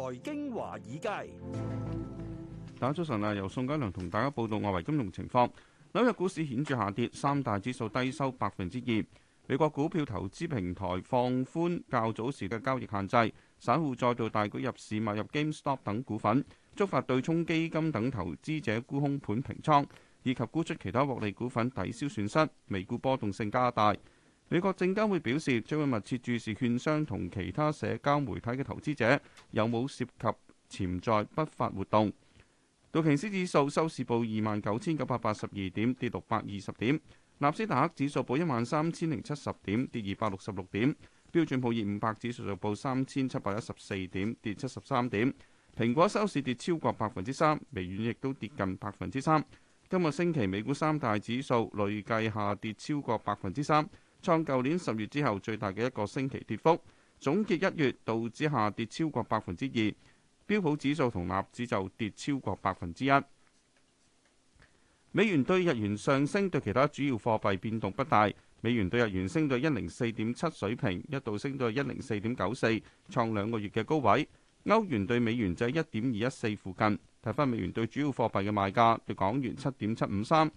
財經華爾街，大家早晨！由宋嘉良同大家報道外圍金融情況。紐約股市顯著下跌，三大指數低收百分之二。美國股票投資平台放寬較早時嘅交易限制，散戶再度大舉入市買入 GameStop 等股份，觸發對沖基金等投資者沽空盤平倉，以及沽出其他獲利股份抵消損失，美股波動性加大。美國證監會表示，將會密切注視券商同其他社交媒體嘅投資者有冇涉及潛在不法活動。道瓊斯指數收市報二萬九千九百八十二點，跌六百二十點；納斯達克指數報一萬三千零七十點，跌二百六十六點；標準普爾五百指數報三千七百一十四點，跌七十三點。蘋果收市跌超過百分之三，微軟亦都跌近百分之三。今個星期美股三大指數累計下跌超過百分之三。創舊年十月之後最大嘅一個星期跌幅。總結一月，道指下跌超過百分之二，標普指數同納指就跌超過百分之一。美元對日元上升，對其他主要貨幣變動不大。美元對日元升到一零四點七水平，一度升到一零四點九四，創兩個月嘅高位。歐元對美元就係一點二一四附近。睇返美元對主要貨幣嘅賣價，對港元七點七五三。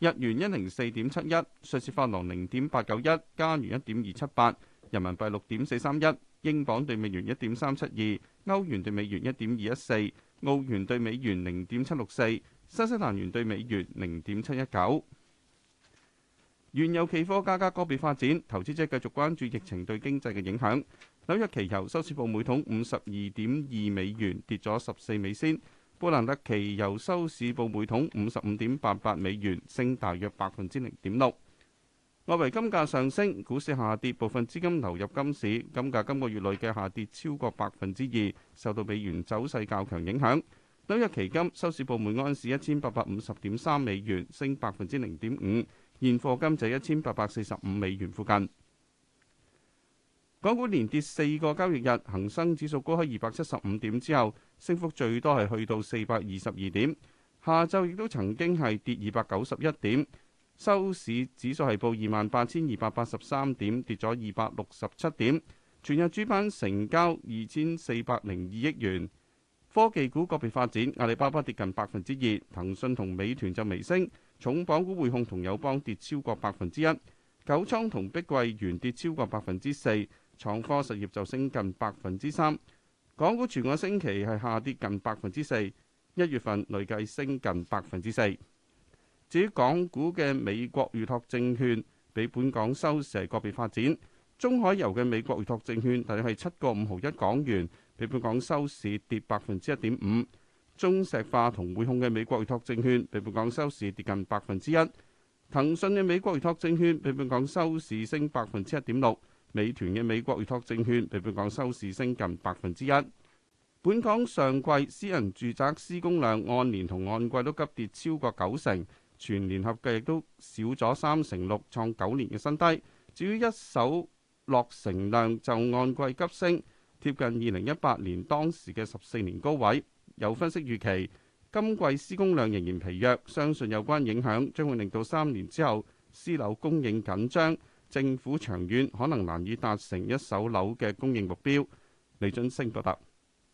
日元一零四點七一，瑞士法郎零點八九一，加元一點二七八，人民幣六點四三一，英鎊兌美元一點三七二，歐元兌美元一點二一四，澳元兌美元零點七六四，新西蘭元兌美元零點七一九。原油期貨價格個別發展，投資者繼續關注疫情對經濟嘅影響。紐約期油收市報每桶五十二點二美元，跌咗十四美仙。布蘭特期油收市報每桶五十五點八八美元，升大約百分之零點六。外圍金價上升，股市下跌，部分資金流入金市，金價今個月內嘅下跌超過百分之二，受到美元走勢較強影響。紐約期金收市報每盎司一千八百五十點三美元，升百分之零點五，現貨金就一千八百四十五美元附近。港股連跌四個交易日，恒生指數高開二百七十五點之後，升幅最多係去到四百二十二點。下晝亦都曾經係跌二百九十一點，收市指數係報二萬八千二百八十三點，跌咗二百六十七點。全日主板成交二千四百零二億元。科技股個別發展，阿里巴巴跌近百分之二，騰訊同美團就微升，重磅股匯控同友邦跌超過百分之一，九倉同碧桂園跌超過百分之四。創科實業就升近百分之三，港股全個星期係下跌近百分之四，一月份累計升近百分之四。至於港股嘅美國預託證券比本港收市係個別發展，中海油嘅美國預託證券大約係七個五毫一港元，比本港收市跌百分之一點五。中石化同匯控嘅美國預託證券比本港收市跌近百分之一，騰訊嘅美國預託證券比本港收市升百分之一點六。美團嘅美國預託證券比本港收市升近百分之一。本港上季私人住宅施工量按年同按季都急跌超過九成，全年合計亦都少咗三成六，創九年嘅新低。至於一手落成量就按季急升，貼近二零一八年當時嘅十四年高位。有分析預期，今季施工量仍然疲弱，相信有關影響將會令到三年之後私樓供應緊張。政府長遠可能難以達成一手樓嘅供應目標，李津升報道。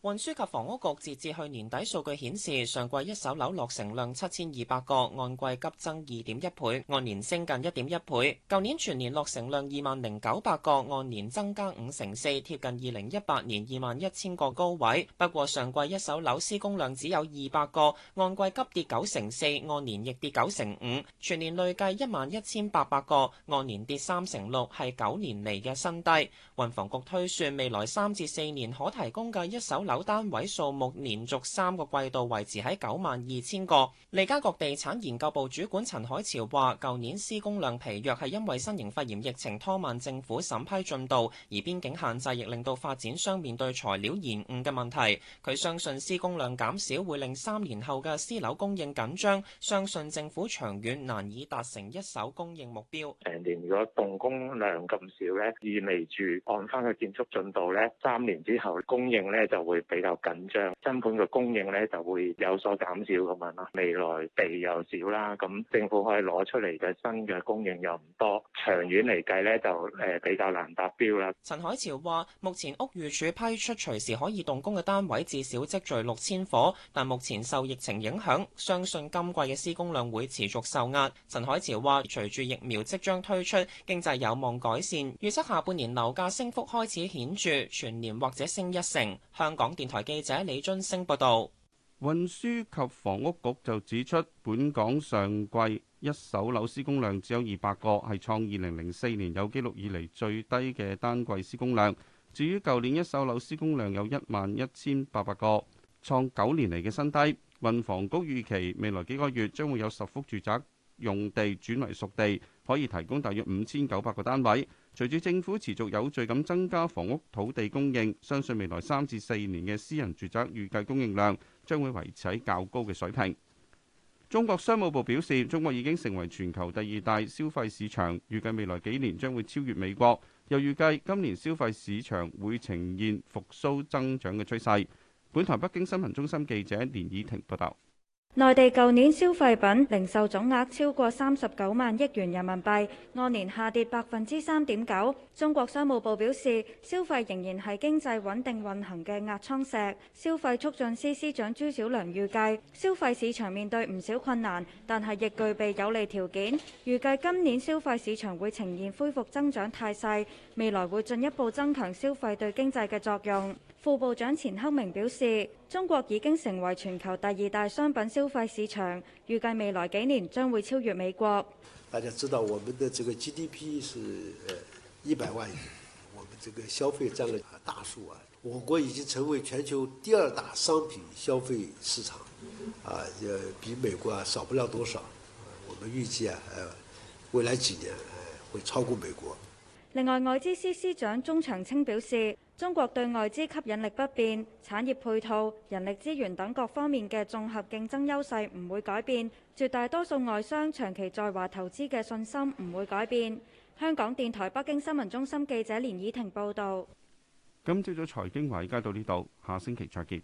運輸及房屋局截至去年底數據顯示，上季一手樓落成量七千二百個，按季急增二點一倍，按年升近一點一倍。舊年全年落成量二萬零九百個，按年增加五成四，貼近二零一八年二萬一千個高位。不過上季一手樓施工量只有二百個，按季急跌九成四，按年亦跌九成五，全年累計一萬一千八百個，按年跌三成六，係九年嚟嘅新低。運房局推算，未來三至四年可提供嘅一手樓有單位數目連續三個季度維持喺九萬二千個。利嘉閣地產研究部主管陳海潮話，舊年施工量疲弱係因為新型肺炎疫情拖慢政府審批進度，而邊境限制亦令到發展商面對材料延誤嘅問題。佢相信施工量減少會令三年後嘅私樓供應緊張，相信政府長遠難以達成一手供應目標。成年如果動工量咁少呢，意味住按翻嘅建築進度呢，三年之後供應呢就會。比較緊張，新盤嘅供應呢就會有所減少咁樣啦，未來地又少啦，咁政府可以攞出嚟嘅新嘅供應又唔多，長遠嚟計呢，就誒比較難達標啦。陳海潮話，目前屋宇署批出隨時可以動工嘅單位至少積聚六千伙，但目前受疫情影響，相信今季嘅施工量會持續受壓。陳海潮話，隨住疫苗即將推出，經濟有望改善，預測下半年樓價升幅開始顯著，全年或者升一成。香港。港電台記者李津升報道，運輸及房屋局就指出，本港上季一手樓施工量只有200個，係創2004年有紀錄以嚟最低嘅單季施工量。至於舊年一手樓施工量有一萬一千八百個，創九年嚟嘅新低。運房局預期未來幾個月將會有十幅住宅用地轉為熟地，可以提供大約五千九百個單位。隨住政府持續有序咁增加房屋土地供應，相信未來三至四年嘅私人住宅預計供應量將會維持喺較高嘅水平。中國商務部表示，中國已經成為全球第二大消費市場，預計未來幾年將會超越美國。又預計今年消費市場會呈現復甦增長嘅趨勢。本台北京新聞中心記者連以婷報道。內地舊年消費品零售總額超過三十九萬億元人民幣，按年下跌百分之三點九。中國商務部表示，消費仍然係經濟穩定運行嘅壓艙石。消費促進司司長朱小良預計，消費市場面對唔少困難，但係亦具備有利條件。預計今年消費市場會呈現恢復增長態勢，未來會進一步增強消費對經濟嘅作用。副部長錢克明表示，中國已經成為全球第二大商品消費市場，預計未來幾年將會超越美國。大家知道我們的這個 GDP 是呃一百萬元，我們這個消費佔了大數啊。我國已經成為全球第二大商品消費市場，啊，呃，比美國啊少不了多少。我們預計啊，未來幾年會超過美國。另外，外資司司長鐘長青表示。中國對外資吸引力不變，產業配套、人力資源等各方面嘅綜合競爭優勢唔會改變，絕大多數外商長期在華投資嘅信心唔會改變。香港電台北京新聞中心記者連以婷報導。今朝早財經華爾街到呢度，下星期再見。